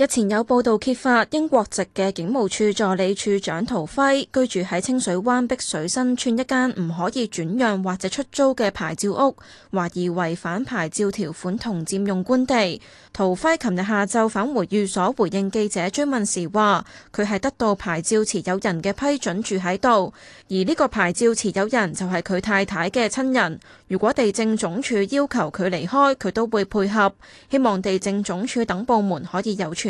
日前有報道揭發，英國籍嘅警務處助理處長陶輝居住喺清水灣碧水新村一間唔可以轉讓或者出租嘅牌照屋，懷疑違反牌照條款同佔用官地。陶輝琴日下晝返回寓所回應記者追問時話：佢係得到牌照持有人嘅批准住喺度，而呢個牌照持有人就係佢太太嘅親人。如果地政總署要求佢離開，佢都會配合。希望地政總署等部門可以有全。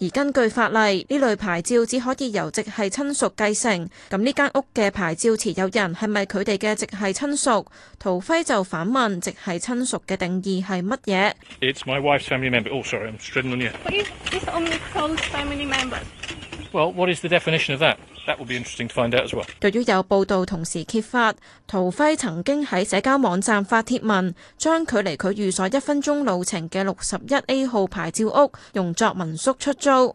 而根據法例，呢類牌照只可以由直系親屬繼承。咁呢間屋嘅牌照持有人係咪佢哋嘅直系親屬？陶輝就反問：直系親屬嘅定義係乜嘢？對於、well. 有報道同時揭發，陶輝曾經喺社交網站發帖文，將距離佢寓所一分鐘路程嘅六十一 A 號牌照屋，用作民宿出租。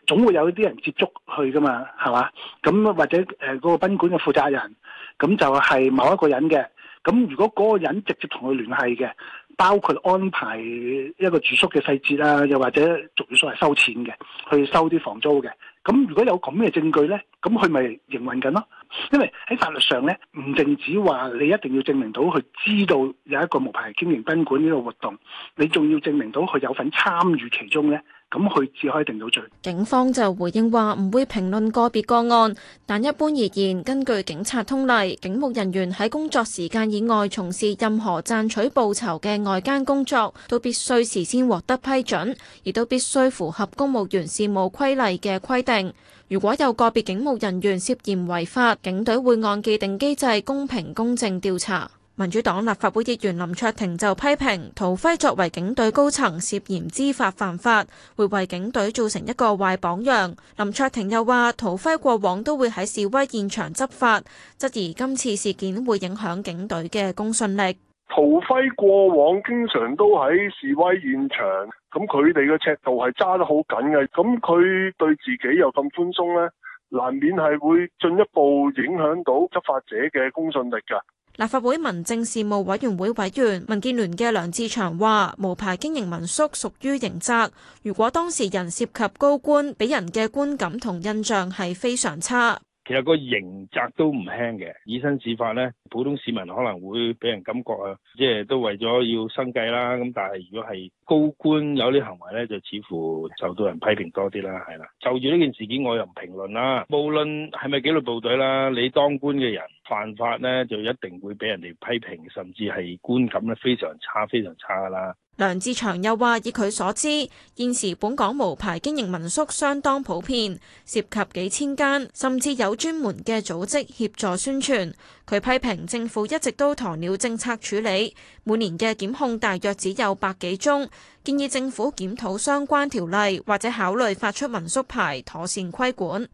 總會有一啲人接觸去噶嘛，係嘛？咁或者誒嗰個賓館嘅負責人，咁就係某一個人嘅。咁如果嗰個人直接同佢聯繫嘅，包括安排一個住宿嘅細節啦，又或者俗語所謂收錢嘅，去收啲房租嘅。咁如果有咁嘅證據呢，咁佢咪營運緊咯？因為喺法律上呢，唔淨止話你一定要證明到佢知道有一個無牌經營賓館呢個活動，你仲要證明到佢有份參與其中呢。咁佢只可以定到罪。警方就回應話唔會評論個別個案，但一般而言，根據警察通例，警務人員喺工作時間以外從事任何賺取報酬嘅外間工作，都必須事先獲得批准，亦都必須符合公務員事務規例嘅規定。如果有個別警務人員涉嫌違法，警隊會按既定機制公平公正調查。民主黨立法會議員林卓廷就批評陶輝作為警隊高層涉嫌知法犯法，會為警隊造成一個壞榜樣。林卓廷又話，陶輝過往都會喺示威現場執法，質疑今次事件會影響警隊嘅公信力。陶輝過往經常都喺示威現場，咁佢哋嘅尺度係揸得好緊嘅，咁佢對自己又咁寬鬆呢，難免係會進一步影響到執法者嘅公信力噶。立法會民政事務委員會委員民建聯嘅梁志祥話：無牌經營民宿屬於刑責，如果當事人涉及高官，俾人嘅觀感同印象係非常差。其實個刑責都唔輕嘅，以身試法呢，普通市民可能會俾人感覺啊，即係都為咗要生計啦。咁但係如果係高官有啲行為呢，就似乎受到人批評多啲啦。係啦，就住呢件事件，我又唔評論啦。無論係咪紀律部隊啦，你當官嘅人犯法呢，就一定會俾人哋批評，甚至係觀感呢，非常差，非常差噶啦。梁志祥又話：以佢所知，現時本港無牌經營民宿相當普遍，涉及幾千間，甚至有專門嘅組織協助宣傳。佢批評政府一直都鴕鳥政策處理，每年嘅檢控大約只有百幾宗，建議政府檢討相關條例，或者考慮發出民宿牌，妥善規管。